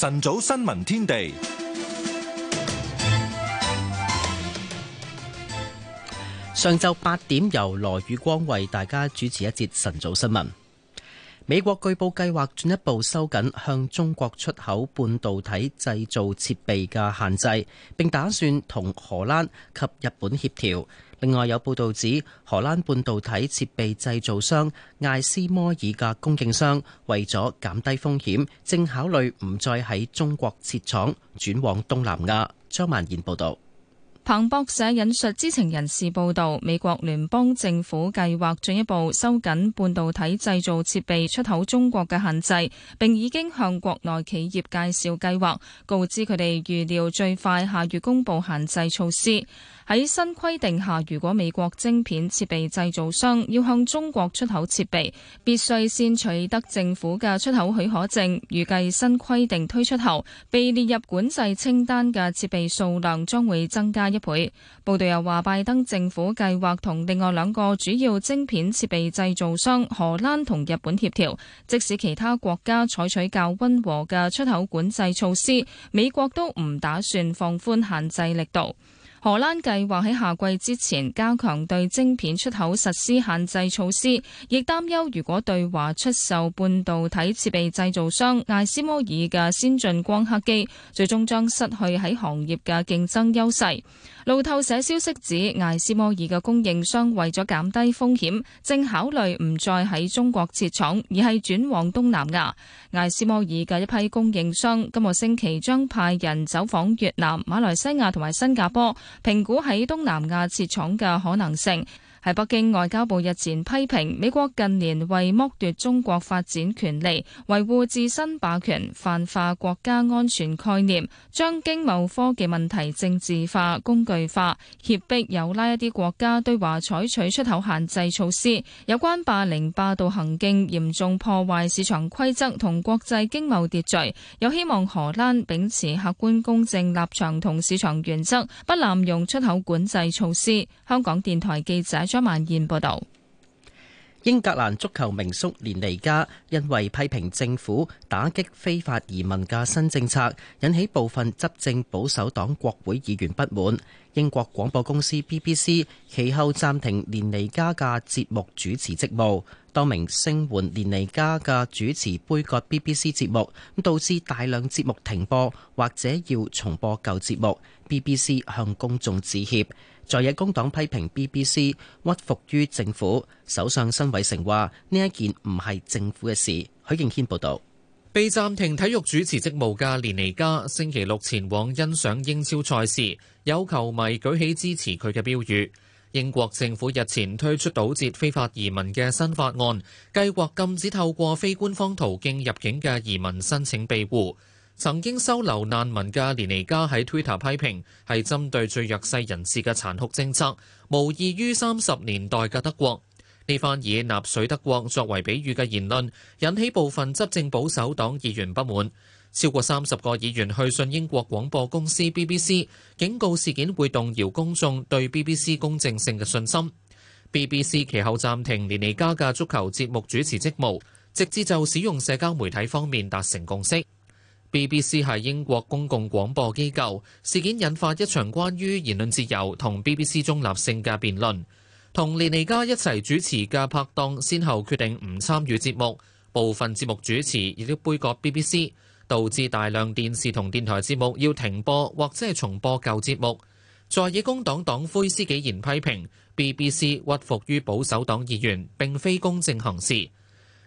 晨早新聞天地，上晝八點由羅宇光為大家主持一節晨早新聞。美國據報計劃進一步收緊向中國出口半導體製造設備嘅限制，並打算同荷蘭及日本協調。另外有報道指，荷蘭半導體設備製造商艾斯摩爾嘅供應商為咗減低風險，正考慮唔再喺中國設廠，轉往東南亞。張曼燕報導。彭博社引述知情人士報道，美國聯邦政府計劃進一步收緊半導體製造設備出口中國嘅限制，並已經向國內企業介紹計劃，告知佢哋預料最快下月公布限制措施。喺新規定下，如果美國晶片設備製造商要向中國出口設備，必須先取得政府嘅出口許可證，預計新規定推出後被列入管制清單嘅設備數量將會增加一倍。報道又話拜登政府計劃同另外兩個主要晶片設備製造商荷蘭同日本協調，即使其他國家採取較溫和嘅出口管制措施，美國都唔打算放寬限制力度。荷蘭計劃喺夏季之前加強對晶片出口實施限制措施，亦擔憂如果對華出售半導體設備製造商艾斯摩爾嘅先進光刻機，最終將失去喺行業嘅競爭優勢。路透社消息指，艾斯摩爾嘅供應商為咗減低風險，正考慮唔再喺中國設廠，而係轉往東南亞。艾斯摩爾嘅一批供應商今個星期將派人走訪越南、馬來西亞同埋新加坡。評估喺東南亞設廠嘅可能性。喺北京外交部，日前批評美國近年為剝奪中國發展權利、維護自身霸權、泛化國家安全概念，將經貿科技問題政治化、工具化，脅迫有拉一啲國家對華採取出口限制措施。有關霸凌霸道行徑嚴重破壞市場規則同國際經貿秩序。又希望荷蘭秉持客觀公正立場同市場原則，不濫用出口管制措施。香港電台記者張曼燕報道：英格蘭足球名宿連尼加因為批評政府打擊非法移民嘅新政策，引起部分執政保守黨國會議員不滿。英國廣播公司 BBC 其後暫停連尼加嘅節目主持職務。多名聲援連尼加嘅主持杯葛 BBC 節目，導致大量節目停播，或者要重播舊節目。BBC 向公眾致歉。在野工黨批評 BBC 屈服於政府，首相辛偉誠話：呢一件唔係政府嘅事。許敬軒報導。被暫停體育主持職務嘅連尼加，星期六前往欣賞英超賽事，有球迷舉起支持佢嘅標語。英國政府日前推出堵截非法移民嘅新法案，計劃禁止透過非官方途徑入境嘅移民申請庇護。曾經收留難民嘅連尼加喺 Twitter 批評，係針對最弱勢人士嘅殘酷政策，無異於三十年代嘅德國，呢番以納粹德國作為比喻嘅言論，引起部分執政保守黨議員不滿，超過三十個議員去信英國廣播公司 BBC，警告事件會動搖公眾對 BBC 公正性嘅信心。BBC 其後暫停連尼加嘅足球節目主持職務，直至就使用社交媒體方面達成共識。BBC 係英國公共廣播機構，事件引發一場關於言論自由同 BBC 中立性嘅辯論。同連尼加一齊主持嘅拍檔，先後決定唔參與節目，部分節目主持亦都杯葛 BBC，導致大量電視同電台節目要停播或者係重播舊節目。在野工黨黨魁施紀賢批評 BBC 屈服於保守黨議員，並非公正行事。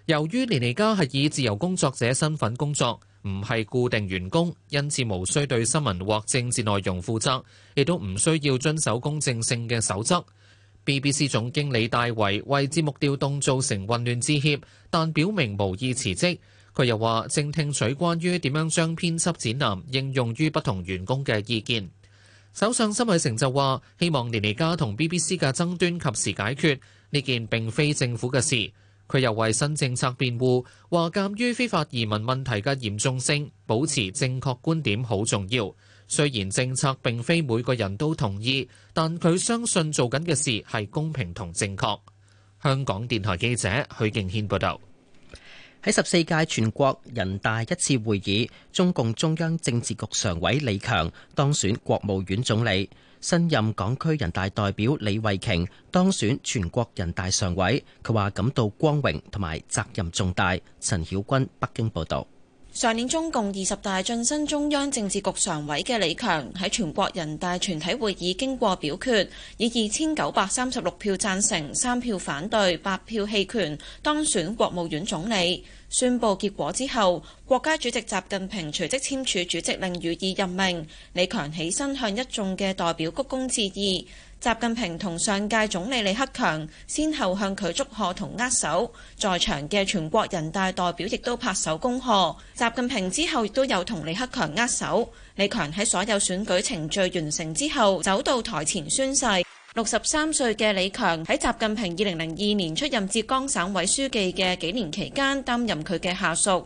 由於連尼加係以自由工作者身份工作，唔係固定員工，因此無需對新聞或政治內容負責，亦都唔需要遵守公正性嘅守則。BBC 總經理戴維為節目調動造成混亂致歉，但表明無意辭職。佢又話正聽取關於點樣將編輯指南應用於不同員工嘅意見。首相辛偉誠就話希望年利家同 BBC 嘅爭端及時解決，呢件並非政府嘅事。佢又為新政策辯護，話鑑於非法移民問題嘅嚴重性，保持正確觀點好重要。雖然政策並非每個人都同意，但佢相信做緊嘅事係公平同正確。香港電台記者許敬軒報導。喺十四屆全國人大一次會議，中共中央政治局常委李強當選國務院總理。新任港區人大代表李慧瓊當選全國人大常委，佢話感到光榮同埋責任重大。陳曉君北京報道。上年中共二十大晉身中央政治局常委嘅李強喺全國人大全體會議經過表決，以二千九百三十六票贊成、三票反對、八票棄權當選國務院總理。宣布結果之後，國家主席習近平隨即簽署主席令予以任命。李強起身向一眾嘅代表鞠躬致意。習近平同上屆總理李克強先後向佢祝賀同握手，在場嘅全國人大代表亦都拍手恭賀。習近平之後亦都有同李克強握手。李強喺所有選舉程序完成之後走到台前宣誓。六十三歲嘅李強喺習近平二零零二年出任浙江省委書記嘅幾年期間擔任佢嘅下屬。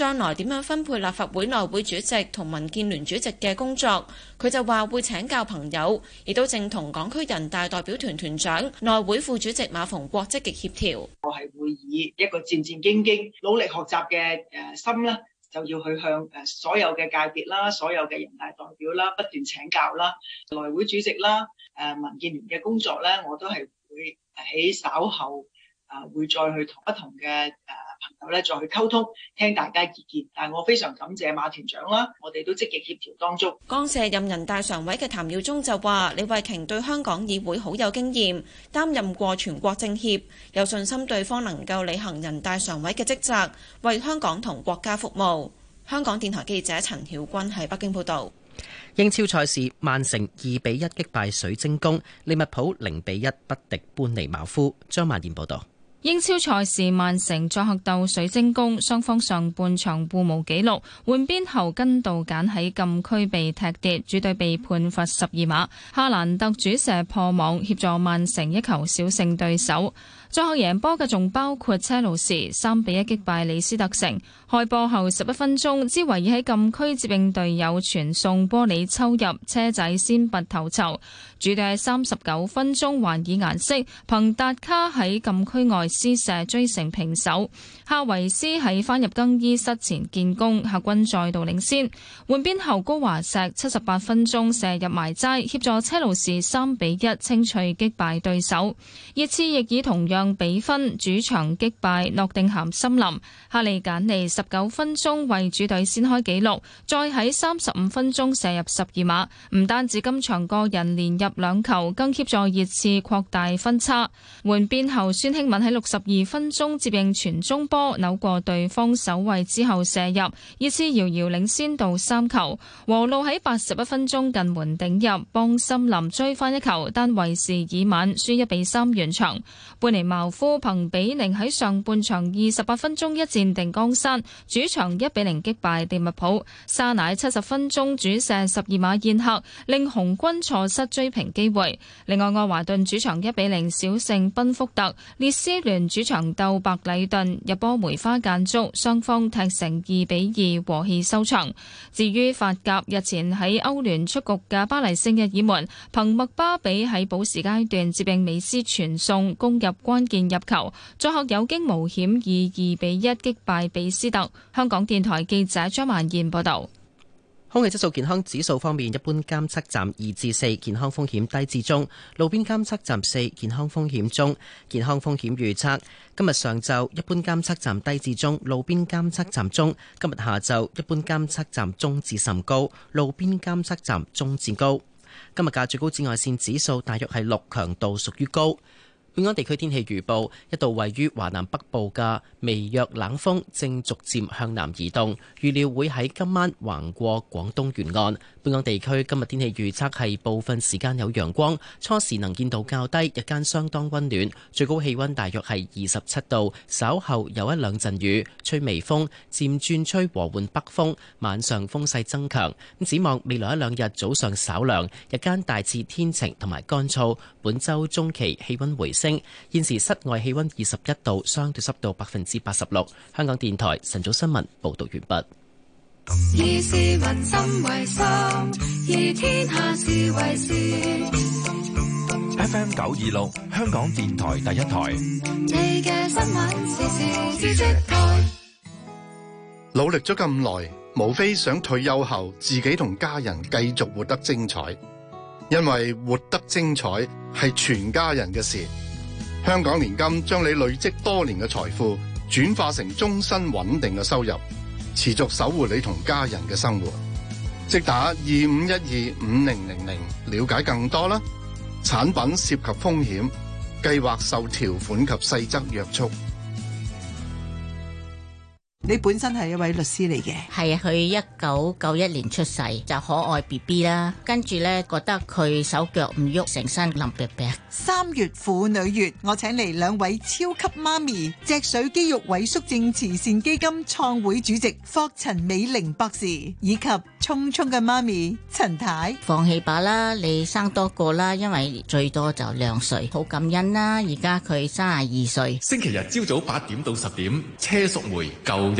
將來點樣分配立法會內會主席同民建聯主席嘅工作？佢就話會請教朋友，亦都正同港區人大代表團團長、內會副主席馬逢國積極協調。我係會以一個戰戰兢兢、努力學習嘅誒心咧，就要去向誒所有嘅界別啦、所有嘅人大代表啦，不斷請教啦，內會主席啦、誒民建聯嘅工作咧，我都係會喺稍後。啊！會再去同不同嘅誒朋友咧，再去溝通，聽大家意見。但係我非常感謝馬團長啦，我哋都積極協調當中。剛卸任人大常委嘅譚耀宗就話：李慧瓊對香港議會好有經驗，擔任過全國政協，有信心對方能夠履行人大常委嘅職責，為香港同國家服務。香港電台記者陳曉君喺北京報導。英超賽事，曼城二比一擊敗水晶宮，利物浦零比一不敵班尼茅夫。張曼燕報導。英超賽事，曼城作客鬥水晶宮，雙方上半場互無紀錄，換邊後根度簡喺禁區被踢跌，主隊被判罰十二碼，哈蘭特主射破網，協助曼城一球小勝對手。最後贏波嘅仲包括車路士三比一擊敗李斯特城。開波後十一分鐘，茲維爾喺禁區接應隊友傳送，波里抽入車仔先拔頭籌。主隊三十九分鐘還以顏色，彭達卡喺禁區外施射追成平手。夏維斯喺翻入更衣室前建功，客軍再度領先。換邊後高華，高華石七十八分鐘射入埋齋，協助車路士三比一清脆擊敗對手。熱刺亦以同樣。比分主場擊敗諾定咸森林，哈利簡尼十九分鐘為主隊先開紀錄，再喺三十五分鐘射入十二碼，唔單止今場個人連入兩球，更協助熱刺擴大分差。換邊後，孫興慜喺六十二分鐘接應傳中波扭過對方守衛之後射入，熱刺遙遙領先到三球。和路喺八十一分鐘近門頂入幫森林追翻一球，但為時已晚輸一比三完場。半茅夫憑比寧喺上半場二十八分鐘一戰定江山，主場一比零擊敗利物浦。沙乃七十分鐘主射十二碼宴客，令紅軍錯失追平機會。另外，愛華頓主場一比零小勝賓福特，列斯聯主場鬥白禮頓入波梅花間竹，雙方踢成二比二和氣收場。至於法甲日前喺歐聯出局嘅巴黎聖日耳門，憑麥巴比喺補時階段接應美斯傳送攻入關關鍵入球，作客有驚無險，以二比一擊敗貝斯特。香港電台記者張曼燕報道。空氣質素健康指數方面，一般監測站二至四，健康風險低至中；路邊監測站四，健康風險中。健康風險預測：今日上晝一般監測站低至中，路邊監測站中；今日下晝一般監測站中至甚高，路邊監測站中至高。今日嘅最高紫外線指數大約係六，強度屬於高。本港地區天氣預報：一道位於華南北部嘅微弱冷鋒正逐漸向南移動，預料會喺今晚橫過廣東沿岸。本港地區今日天氣預測係部分時間有陽光，初時能見度較低，日間相當溫暖，最高氣溫大約係二十七度。稍後有一兩陣雨，吹微風，漸轉吹和緩北風，晚上風勢增強。咁展望未來一兩日早上稍涼，日間大致天晴同埋乾燥。本週中期氣溫回升升，現時室外氣溫二十一度，相對濕度百分之八十六。香港電台晨早新聞報道完畢。F.M. 九二六，香港電台第一台。努力咗咁耐，無非想退休後自己同家人繼續活得精彩，因為活得精彩係全家人嘅事。香港年金將你累積多年嘅財富轉化成終身穩定嘅收入，持續守護你同家人嘅生活。即打二五一二五零零零，了解更多啦。產品涉及風險，計劃受條款及細則約束。你本身係一位律師嚟嘅，係啊，佢一九九一年出世就可愛 BB 啦，跟住呢，覺得佢手腳唔喐成身淋病病。三月婦女月，我請嚟兩位超級媽咪，脊髓肌肉萎縮症慈善基金創會主席霍陳美玲博士，以及聰聰嘅媽咪陳太。放棄吧啦，你生多個啦，因為最多就兩歲。好感恩啦，而家佢三十二歲。星期日朝早八點到十點，車淑梅舊。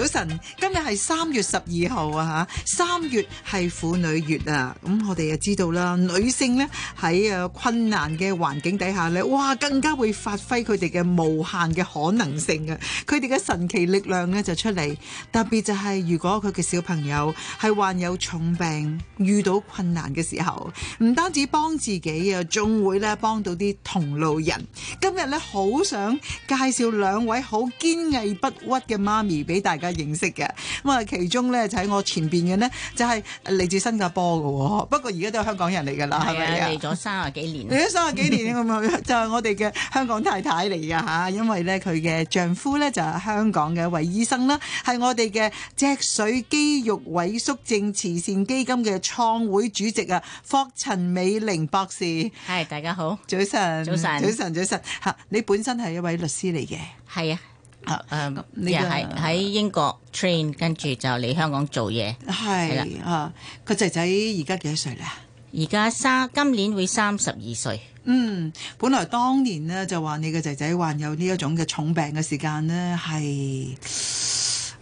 早晨，今日係三月十二號啊吓，三月係婦女月啊，咁我哋就知道啦，女性咧喺誒困難嘅環境底下咧，哇，更加會發揮佢哋嘅無限嘅可能性啊！佢哋嘅神奇力量咧就出嚟，特別就係如果佢嘅小朋友係患有重病、遇到困難嘅時候，唔單止幫自己啊，仲會咧幫到啲同路人。今日咧好想介紹兩位好堅毅不屈嘅媽咪俾大家。認識嘅，咁啊，其中咧就喺我前邊嘅，呢就係嚟自新加坡嘅喎，不過而家都係香港人嚟噶啦，係咪？嚟咗三十幾年，嚟咗三十幾年，咁啊，就係我哋嘅香港太太嚟噶吓，因為咧佢嘅丈夫咧就係香港嘅一位醫生啦，係我哋嘅脊髓肌肉萎縮症慈善基金嘅創會主席啊，霍陳美玲博士。係大家好，早晨，早晨，早晨，早晨。吓，你本身係一位律師嚟嘅，係啊。啊誒，又喺喺英國 train，跟住就嚟香港做嘢，係啦是，了啊，個仔仔而家幾多歲咧？而家三，今年會三十二歲。嗯，本來當年咧就話你嘅仔仔患有呢一種嘅重病嘅時間咧，係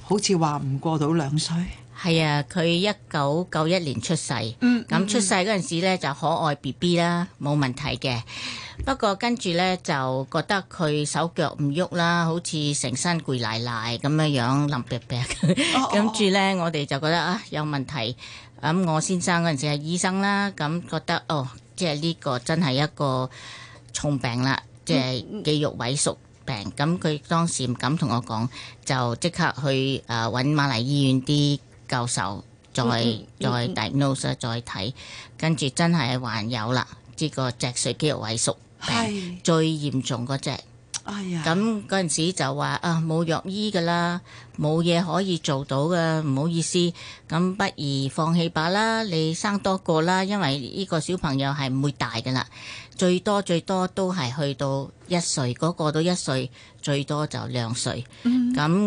好似話唔過到兩歲。係啊，佢一九九一年出世，嗯，嗯，咁出世嗰陣時咧就可愛 BB 啦，冇問題嘅。不過跟住呢，就覺得佢手腳唔喐啦，好似成身攰賴賴咁樣樣腍賴賴。跟住 呢，我哋就覺得啊有問題。咁、嗯、我先生嗰陣時係醫生啦，咁覺得哦，即係呢個真係一個重病啦，即係肌肉萎縮病。咁佢、嗯、當時唔敢同我講，就即刻去誒揾、呃、瑪麗醫院啲教授再、嗯嗯、再 diagnose 再睇，跟住真係患有啦，呢、這個脊髓肌肉萎縮。係是最嚴重嗰隻，哎呀，咁嗰陣時就話啊冇藥醫噶啦，冇嘢可以做到噶，唔好意思，咁不如放棄吧啦，你生多個啦，因為呢個小朋友係唔會大噶啦，最多最多都係去到一歲，嗰、嗰個都一歲，最多就兩歲，咁、嗯哼。